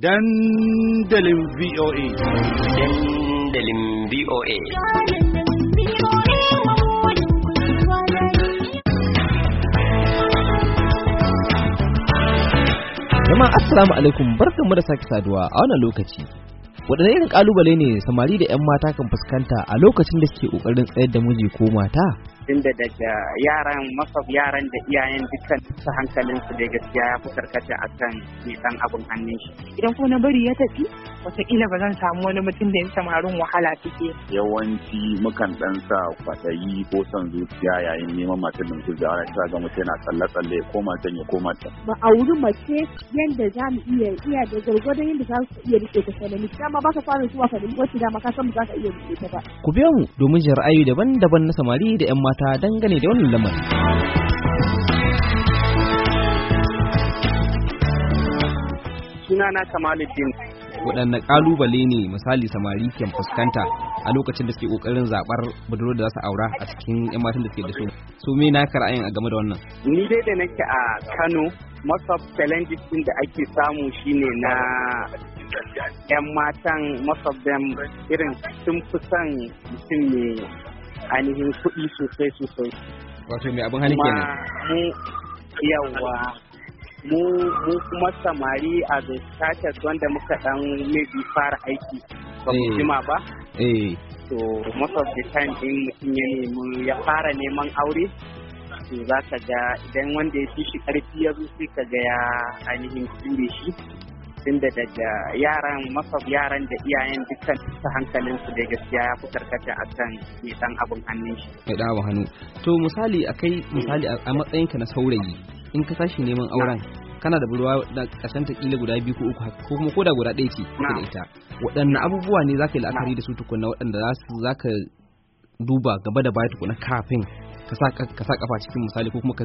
dandalin VOA. Dandalin VOA. Jama'a Assalamu alaikum barkanmu da sake saduwa a wannan lokaci. Waɗanne irin ƙalubale ne samari da 'yan mata kan fuskanta a lokacin da suke ƙoƙarin tsayar da miji ko mata? tunda daga yaran masaf yaran da iyayen dukkan su hankalinsu da gaskiya ya fi karkata akan nisan abin hannun shi idan kuma na bari ya tafi wataƙila ba zan samu wani mutum da ya samarin wahala take. Yawanci mukan ɗan sa kwaɗayi ko son zuciya yayin neman matar da mutum ta ga mutum yana tsalle-tsalle ko koma ya koma Ba a wuri mace yadda za mu iya iya da gargwadon yadda za su iya riƙe ta sanani dama ba ka fara zuwa sanani wacce dama ka san za ka iya riƙe ta ba. Ku biyo mu domin jin ra'ayi daban-daban na samari da 'yan mata dangane da wannan lamarin. Sunana Kamaluddin waɗanne ƙalubale ne misali samari ke fuskanta a lokacin da suke ƙoƙarin zaɓar budurwar da za su aura a cikin 'yan matan da suke da su su me na ra'ayin a game da wannan ni dai da nake a kano most of challenges din da ake samu shine na 'yan matan most of irin sun fi son mutum mai ainihin kuɗi sosai sosai wato mai abin hali kenan yawwa mu kuma samari a the status wanda muka dan maybe fara aiki ba mu eh. jima ba eh. so most of the time in mutum ya nemi ya fara neman aure to za ka ga idan wanda ya fi shi karfi ya zo sai ka ga ya ainihin kure shi tunda daga yaran masaf yaran da iyayen dukkan ta hankalin su da gaskiya ya fi karkata a kan mai dan abin hannun shi. Mai dan hannu. To misali a kai misali a matsayinka na saurayi in ka tashi neman auren kana da burwa da kasan ta kila guda biyu ko uku ko kuma koda guda ɗaya ce ka da ita waɗanne abubuwa ne zaka yi la'akari da su tukunna waɗanda za su zaka duba gaba da baya tukunna kafin ka sa kafa cikin misali ko kuma ka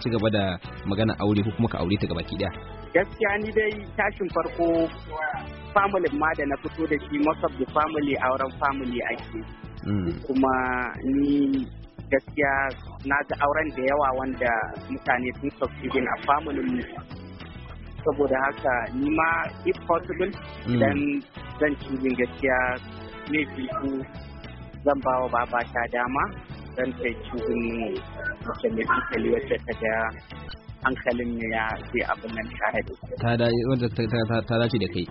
ci gaba da magana aure ko kuma ka aure ta gabaki daya gaskiya ni dai tashin farko family ma da na fito da shi most of family auren family ake mm. kuma ni gaskiya na ga auren da yawa wanda mutane sun bin a familin mu saboda haka ni ma if possible mm. Dan zan ci gaskiya ne ku zan ba wa baba ta dama zan ta bin mace mai hankali wacce ta ga hankalin ya sai abin nan tare da ta dace da kai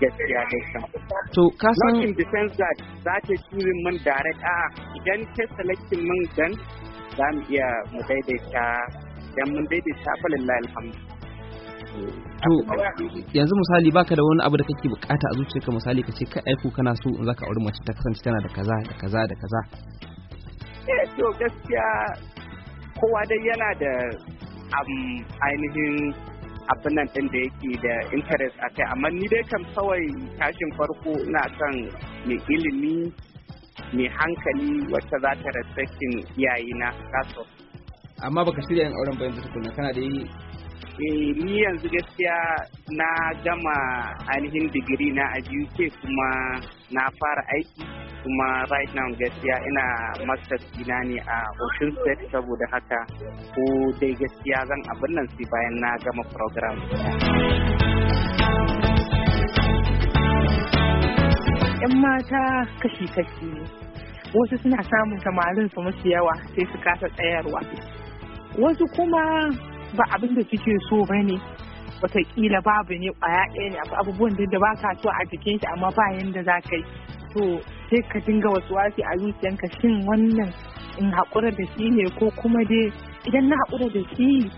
gaskiya ne to ka san in the sense that za ta choosing min direct a'a idan ta selecting min dan za mu iya mu daidaita idan mun daidaita fa lillahi alhamdu to yanzu misali baka da wani abu da kake bukata a zuciyarka misali ka ce ka aiko kana so in zaka auri mace ta kasance tana da kaza da kaza da kaza eh to gaskiya kowa dai yana da um, ainihin abin nan ɗin da yake da interest a kai amma ni dai kam kawai tashin farko ina son mai ilimi mai hankali wacce za ta respectin na kaso amma baka shirya yin auren bayan tukuna kana da yi eh, ni yanzu gaskiya na gama ainihin digiri na a UK kuma na fara aiki kuma right now gaskiya ina master dina ne a Ocean State saboda haka ko dai gaskiya zan abin nan sai bayan na gama program. ‘Yan mata kashi-kashi ne, wasu suna samun samarin su musu yawa sai su kasa tsayarwa. Wasu kuma ba abin da kike so bane watakila babu ne kwaya ɗaya ne abubuwan da ba ka so a jikin shi amma ba yadda za ka yi to sai ka dinga wasu wasi a zuciyanka shin wannan in haƙura da shi ne ko kuma dai idan na haƙura da shi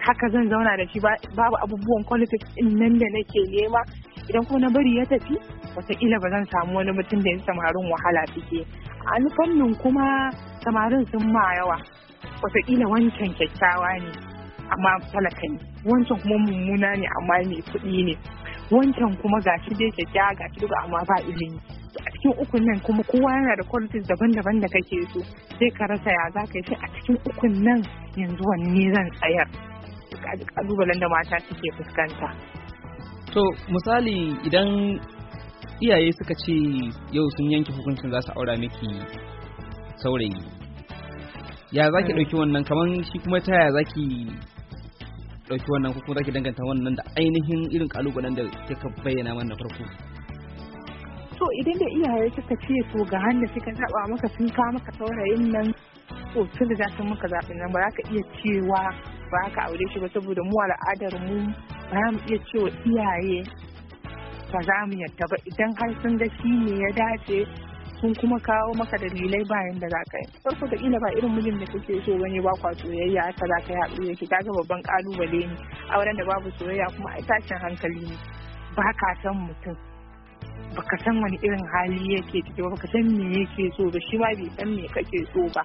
haka zan zauna da shi babu abubuwan politics in nan da nake nema idan kuma na bari ya tafi wataƙila ba zan samu wani mutum da ya samarin wahala suke a fannin kuma samarin sun ma yawa wataƙila wancan kyakkyawa ne amma talaka ne wancan kuma mummuna ne amma mai kuɗi ne wancan kuma shi dai ga shi duka amma ba ilimi a cikin ukun nan kuma kowa yana da qualities daban-daban da kake so sai ka rasa ya za ka yi a cikin ukun nan yanzu wanne zan tsayar kalubalen da mata suke fuskanta to misali idan iyaye suka ce yau sun yanke hukuncin za su aura miki saurayi ya za ki hmm. ɗauki wannan kamar shi kuma ta yaya za ɗauki wannan ko kuma zaki danganta wannan da ainihin irin kalubalen da kika bayyana mana farko to idan da iyaye suka ce to ga hannu suka taɓa maka sun kawo maka saurayin nan to da riga sun maka zaɓin nan ba za ka iya cewa ba ka aure shi ba saboda mu al'adar mu ba za mu iya cewa iyaye ba za mu yadda ba idan har sun ga shi ne ya dace sun kuma kawo maka dalilai bayan da za ka yi farko da kila ba irin mijin da kake so bane ba kwa soyayya haka za ka yi haɗu yake kaga babban kalubale ne auren da babu soyayya kuma a tashin hankali ne ba ka san mutum baka san wani irin hali yake ciki ba baka san me yake so ba shi ma bai san me kake so ba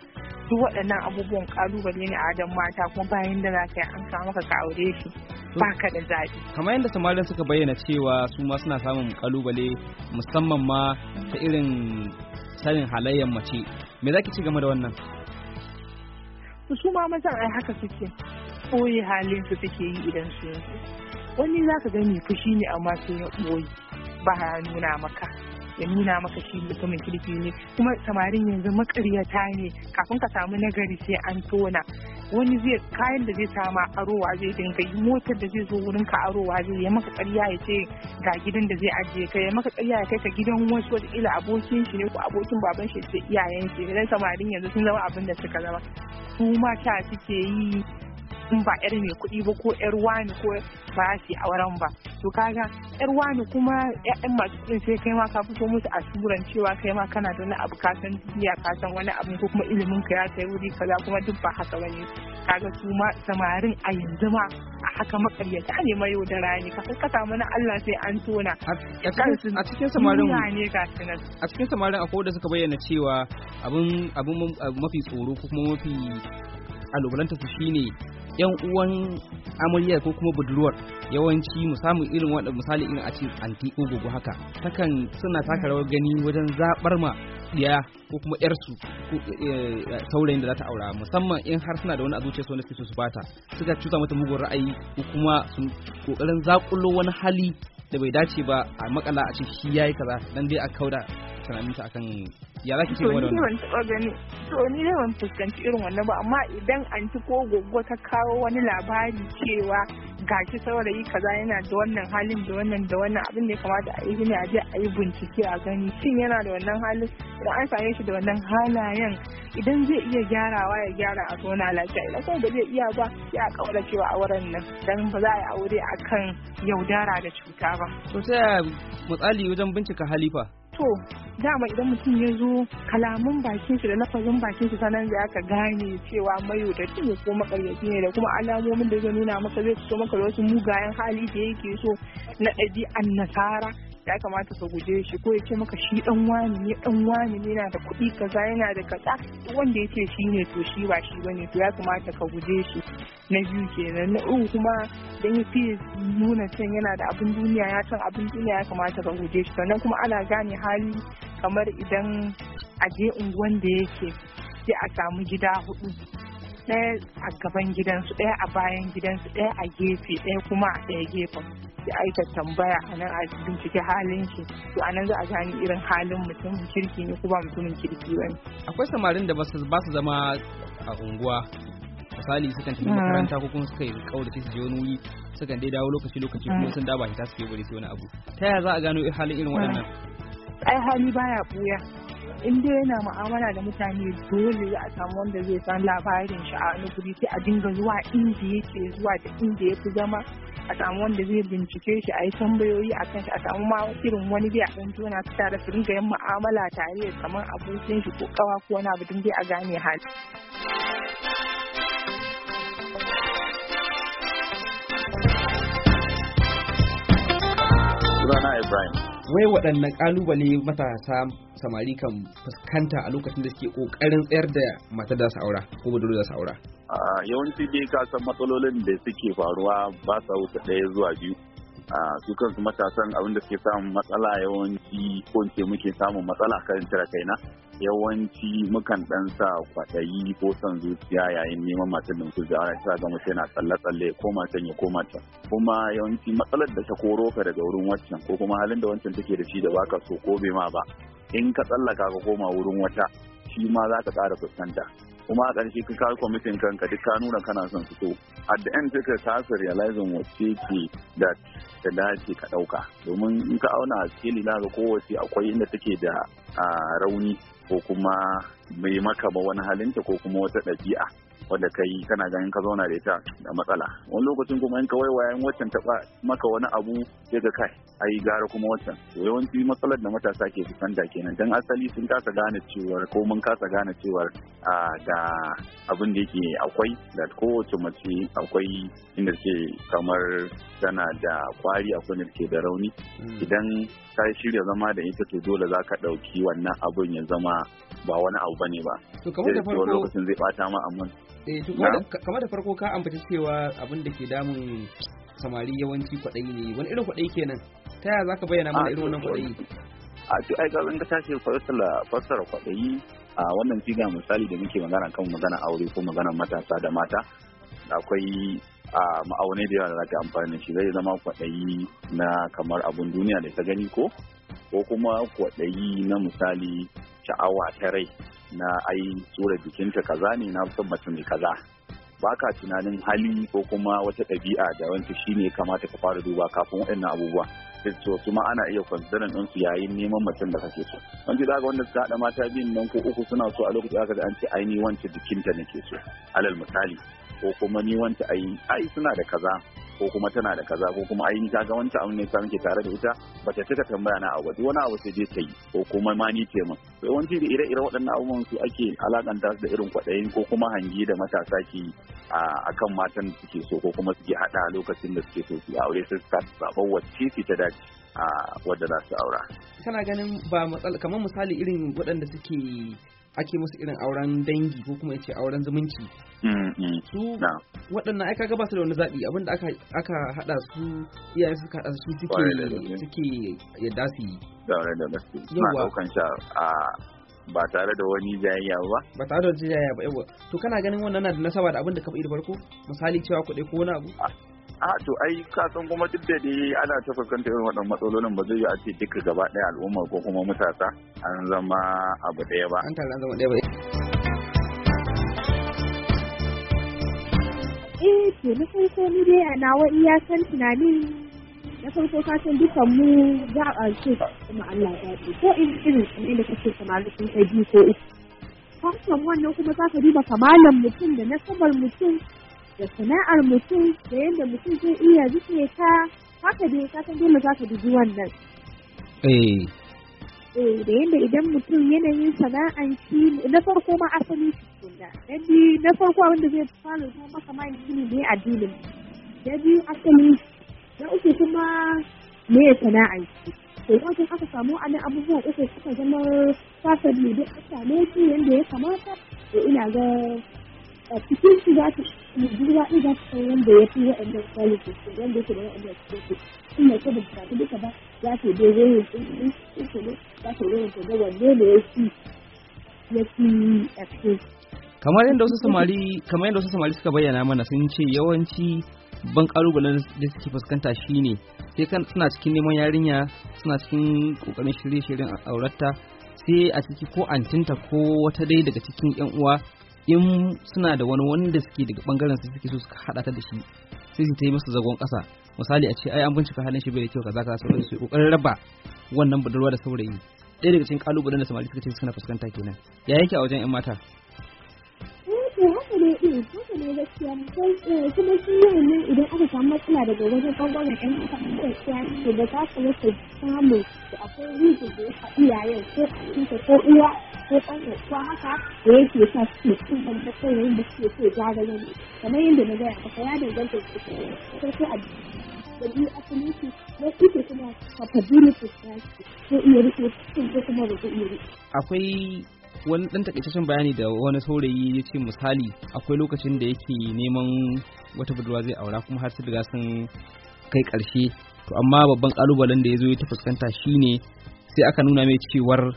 duk waɗannan abubuwan kalubale ne a adam mata kuma bayan da za ka yi an kawo maka ka aure shi baka da zaɓi. kamar yadda samarin suka bayyana cewa su ma suna samun kalubale musamman ma ta irin sanin halayyar mace me za ki ci gama da wannan su ma mazan ai haka suke ɓoye halin su suke yi idan su wani za ka gani fushi ne amma sun yi ɓoye ba nuna maka ya nuna maka shi mutumin kirki ne kuma samarin yanzu makaryata ne kafin ka samu nagari sai an tona wani zai kayan da zai sama arowa zai dinga yi motar da zai zo wurin ka arowa zai yi maka karya ya ce ga gidan da zai ajiye ka ya maka karya ya kai ka gidan wasu wata ila abokin shi ne ko abokin baban shi ce iyayen shi dan samarin yanzu sun zama abin da suka zama su mata suke yi in ba yar mai kuɗi ba ko yar wani ko ba su auren ba to kaga yar wani kuma ƴaƴan masu kuɗin sai kai ma ka fito musu a suran cewa kai ma kana da wani abu ka san duniya ka san wani abu ko kuma ilimin ka ya kai wuri kaza kuma duk ba haka bane kaga su ma samarin a yanzu ma a haka makaryata ne mai yau da rani ka kaskata mana Allah sai an tona a cikin samarin a cikin samarin akwai da suka bayyana cewa abin mafi tsoro ko kuma mafi alubalanta su shine yan uwan amaryar ko kuma budurwar yawanci mu samu irin wanda misali irin a ce anti ogogo haka takan suna taka rawar gani wajen zabar ma diya ko kuma yarsu eh, eh, saurayin da za ta aura musamman in har suna da wani a zuciya su wanda su bata suka cuta mata mugun ra'ayi ko kuma su kokarin zakulo wani hali da bai dace ba a makala a ce shi yayi kaza dan dai a kauda tunaninta akan ya za ki ce wani ban gani to ni dai ban fuskanci irin wannan ba amma idan an ci ko goggo ta kawo wani labari cewa gashi saurayi kaza yana da wannan halin da wannan da wannan abin da ya kamata a yi ne a je a yi bincike a gani shin yana da wannan halin idan an same shi da wannan halayen idan zai iya gyarawa ya gyara a zona lafiya idan kuma ba zai iya ba sai a kaura cewa a wurin nan dan ba za a yi aure akan yaudara da cuta ba. to a misali wajen bincika halifa to dama idan mutum ya zo kalamun bakin shi da lafazin bakin shi sanan da aka gane cewa da ne ko makaryaci ne da kuma alamomin da zai nuna maka zai so maka da wasu mugayen hali da yake so na ɗabi'an nasara ya kamata ka guje shi ko ya ce maka shi dan wani ne dan wani ne yana da kuɗi kaza yana da kaza wanda ya shi ne to shi ba shi bane to ya kamata ka guje shi na biyu kenan na uku kuma dan ya fiye nuna can yana da abin duniya ya san abin duniya ya kamata ka guje shi sannan kuma ana gane hali kamar idan a je unguwan da yake sai a samu gida hudu ɗaya a gaban gidansu ɗaya a bayan gidansu ɗaya a gefe ɗaya kuma a ɗaya gefen aika tambaya a nan a bincike halin shi to a nan za a gani irin halin mutum kirki ne ko ba mutumin kirki ba akwai samarin da ba su zama a unguwa misali sukan tafi hmm. makaranta ko kuma suka yi kaurace su je wani wuri sukan dai dawo lokaci lokaci kuma hmm. sun da ba hita suke bari sai wani abu ta yaya za a gano halin irin hmm. waɗannan ai hali baya buya in dai yana mu'amala da mutane dole za a samu wanda zai san labarin shi a wani guri sai a dinga zuwa inda yake zuwa da inda ya fi zama a samu wanda zai bincike shi a yi tambayoyi a kan shi a samu ma irin wani dai a ɗan tona su tare su dinga yin mu'amala tare kamar abokin shi ko kawa ko wani abu dai a gane hali. Sunana Ibrahim. wai waɗannan ƙalubale matasa samari kan fuskanta a lokacin da suke ƙoƙarin tsayar da mata da su aura ko budurwa da su aura. yawanci dai ka san matsalolin da suke faruwa ba sa wuta ɗaya zuwa biyu su kansu matasan abin da suke samun matsala yawanci ko ke muke samun matsala kan tira kaina yawanci mukan dan sa kwaɗayi ko son zuciya yayin neman matan da su jara ta ga mutum yana tsalle tsalle ko matan ya koma ta kuma yawanci matsalar da ta koro ka daga wurin waccan ko kuma halin da wancan take da shi da baka so ko bai ma ba in ka tsallaka ka koma wurin wata shi ma za ka kara fuskanta kuma a ƙarshe ka kawo kwamitin kanka duk ka nuna kana son su to at the end sai ka kasa realizing wacce ke da ta dace ka ɗauka domin in ka auna a cikin na ga kowace akwai inda take da rauni ko kuma mai maka ba wani halinta ko kuma wata ɗabi'a wanda ka yi kana ganin ka zauna da ita da matsala wani lokacin kuma in ka waiwaya in waccan taɓa maka wani abu sai ga kai ayi gara kuma waccan to yawanci matsalar da matasa ke fuskanta kenan dan asali sun kasa gane cewar ko mun kasa gane cewar da abin da yake akwai da kowace mace akwai inda ke kamar tana da kwari akwai inda ke da rauni hmm. idan ka shirya zama da ita to dole za ka ɗauki wannan abun ya zama ba wani abu bane ba. To kamar da farko lokacin zai bata ma amma Eh, kamar da farko ka ambaci cewa abin da ke damun samari yawanci kwaɗayi ne wani irin kwaɗayi kenan ta yaya zaka bayyana mana ah, irin wannan kwaɗayi a to ai ga ka tashi fassara kwaɗayi a wannan siga misali da muke magana kan magana aure ko magana matasa da mata akwai a ma'aunai da yawa da zaka amfani da shi zai zama kwaɗayi na kamar abun duniya da ta gani ko ko kuma kwaɗayi na misali sha'awa ta rai na ai tsura jikinta kaza ne na son mutum ne kaza ba ka tunanin hali ko kuma wata ɗabi'a da wanda shi ne kamata ka fara duba kafin waɗannan abubuwa so kuma ana iya kwanzaran ɗinsu yayin neman mutum da kake so wanda za wanda suka haɗa mata biyun nan ko uku suna so a lokacin aka da an ce ai ni wance jikinta nake so alal misali ko kuma ni wance ai ai suna da kaza ko kuma tana da kaza ko kuma ai ta ga wancan abin ne sa muke tare da ita ba bata cika tambaya na a duk wani abu sai je ta yi ko kuma ma ni ce min yawanci da ire-ire waɗannan abubuwan su ake alakanta su da irin kwaɗayin ko kuma hangi da matasa ke a kan matan da suke so ko kuma suke haɗa lokacin da suke so su aure sai su zaɓa wacce ce ta dace a wadda za su aura. kana ganin ba kamar misali irin waɗanda suke ake musu irin auren dangi ko kuma ce auren zumunci mm, mm, su waɗannan ai kaga ba su da wani zaɓi abinda aka aka haɗa su iyaye suka haɗa su suke suke yadda su yi yawa ba tare da wani jayayya ba ba tare da wani jayayya ba yawa to kana ganin wannan na da nasaba da abin da ka faɗi da farko misali cewa kuɗe ko wani abu a to ai ka san kuma duk da dai ana ta fuskantar irin waɗannan matsalolin ba zai yi a ce duka gaba ɗaya al'ummar ko kuma matasa an zama abu ɗaya ba an tare an zama ɗaya ba eh to na farko ni dai a nawa iya san tunanin na farko ka san dukan mu za a ce kuma Allah ya ce ko in irin in da kake samari sun kai biyu ko uku ka wannan kuma za ka duba kamalan mutum da nasabar mutum da sana'ar mutum da yadda mutum zai iya zuke ta haka dai ka san dole za ka dubi wannan. Eh. Eh da yadda idan mutum yanayin sana'ar shi na farko ma asali su kunna. Na na farko abin da zai fara zuwa maka ma shi ne addinin. Na biyu asali na uku kuma me sana'ar shi. wajen aka samu a abubuwan uku suka zama fasali da aka same shi yadda ya kamata to ina ga a cikin su za ta ji daɗi za ta san wanda ya fi waɗannan qualities wanda yake da waɗannan qualities in mai ta bukatu duka ba za ta je reyin ɗin ɗin ne za ta reyin ta ga wanne da ya fi ya fi a cikin kamar yadda wasu samari kamar yadda wasu samari suka bayyana mana sun ce yawanci ban kalubalen da suke fuskanta shine sai kan suna cikin neman yarinya suna cikin kokarin shirye-shiryen aurata sai a ciki ko antinta ko wata dai daga cikin yan uwa in suna da wani wanda suke daga bangaren su suke so suka hada ta da shi sai su yi masa zagon kasa misali a ce ai an bincika halin shi bai da kyau kaza kaza sauran su kokarin raba wannan budurwa da saurayi ɗaya daga cikin kalubalen da samari suka ce suna fuskanta kenan ya yake a wajen yan mata eh, eh, eh, kuma shi yawan nan idan aka samu matsala daga wajen ɓangaren ɗan mata gaskiya to ba za su rasa samun da akwai rijin da ya iyayen ko a ko uwa ko ɗan haka da sa na gaya akwai wani dan takaitaccen bayani da wani saurayi ya ce misali akwai lokacin da yake neman wata budurwa zai aura kuma har su riga sun kai ƙarshe to amma babban ƙalubalen da ya zo ya ta fuskanta shine sai aka nuna mai cewar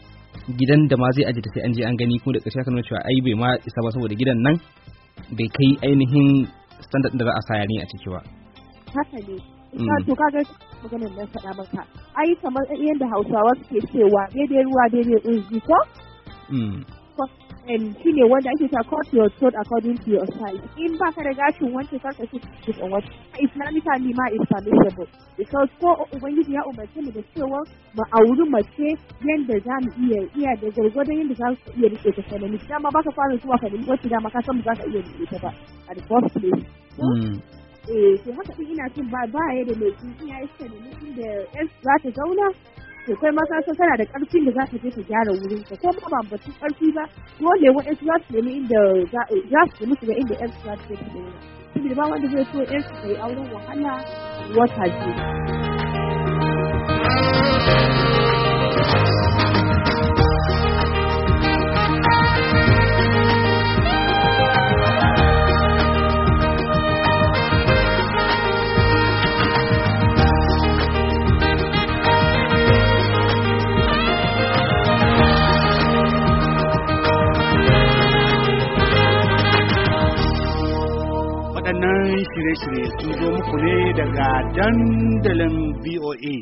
gidan da ma zai ajiye sai an je an gani kuma da ƙarshe aka nuna cewa ai bai ma isa ba saboda gidan nan bai kai ainihin standard da za a sa yare a ciki ba haka ne mm. to kaga maganar nan faɗa maka ai kamar yadda Hausawa suke cewa daidai ruwa daidai tsinji ko mm. and shi ne wanda ake ta cut your throat according to your size in ba ka da gashin wance kar ka shi a what islamically ma is permissible because ko ubangiji ya umarce mu da cewa ba a wuri mace yadda za mu iya iya da gwargwadon yadda za su iya rike ta sanani dama ba ka fara zuwa ka nemi wacce dama ka san ba za ka iya rike ta ba at the first place hmm. eh sai haka ina cin ba ba ya da mai cin iya iska da mutum da za ta zauna to kai ma san tana da karfin da za ta je ta gyara wurin ta ko ma ba batun karfi ba dole wa'ansu za su nemi inda za su nemi su ga inda yan su za su je ba wanda zai so yan su yi auren wahala wata biyu dandalin VOA.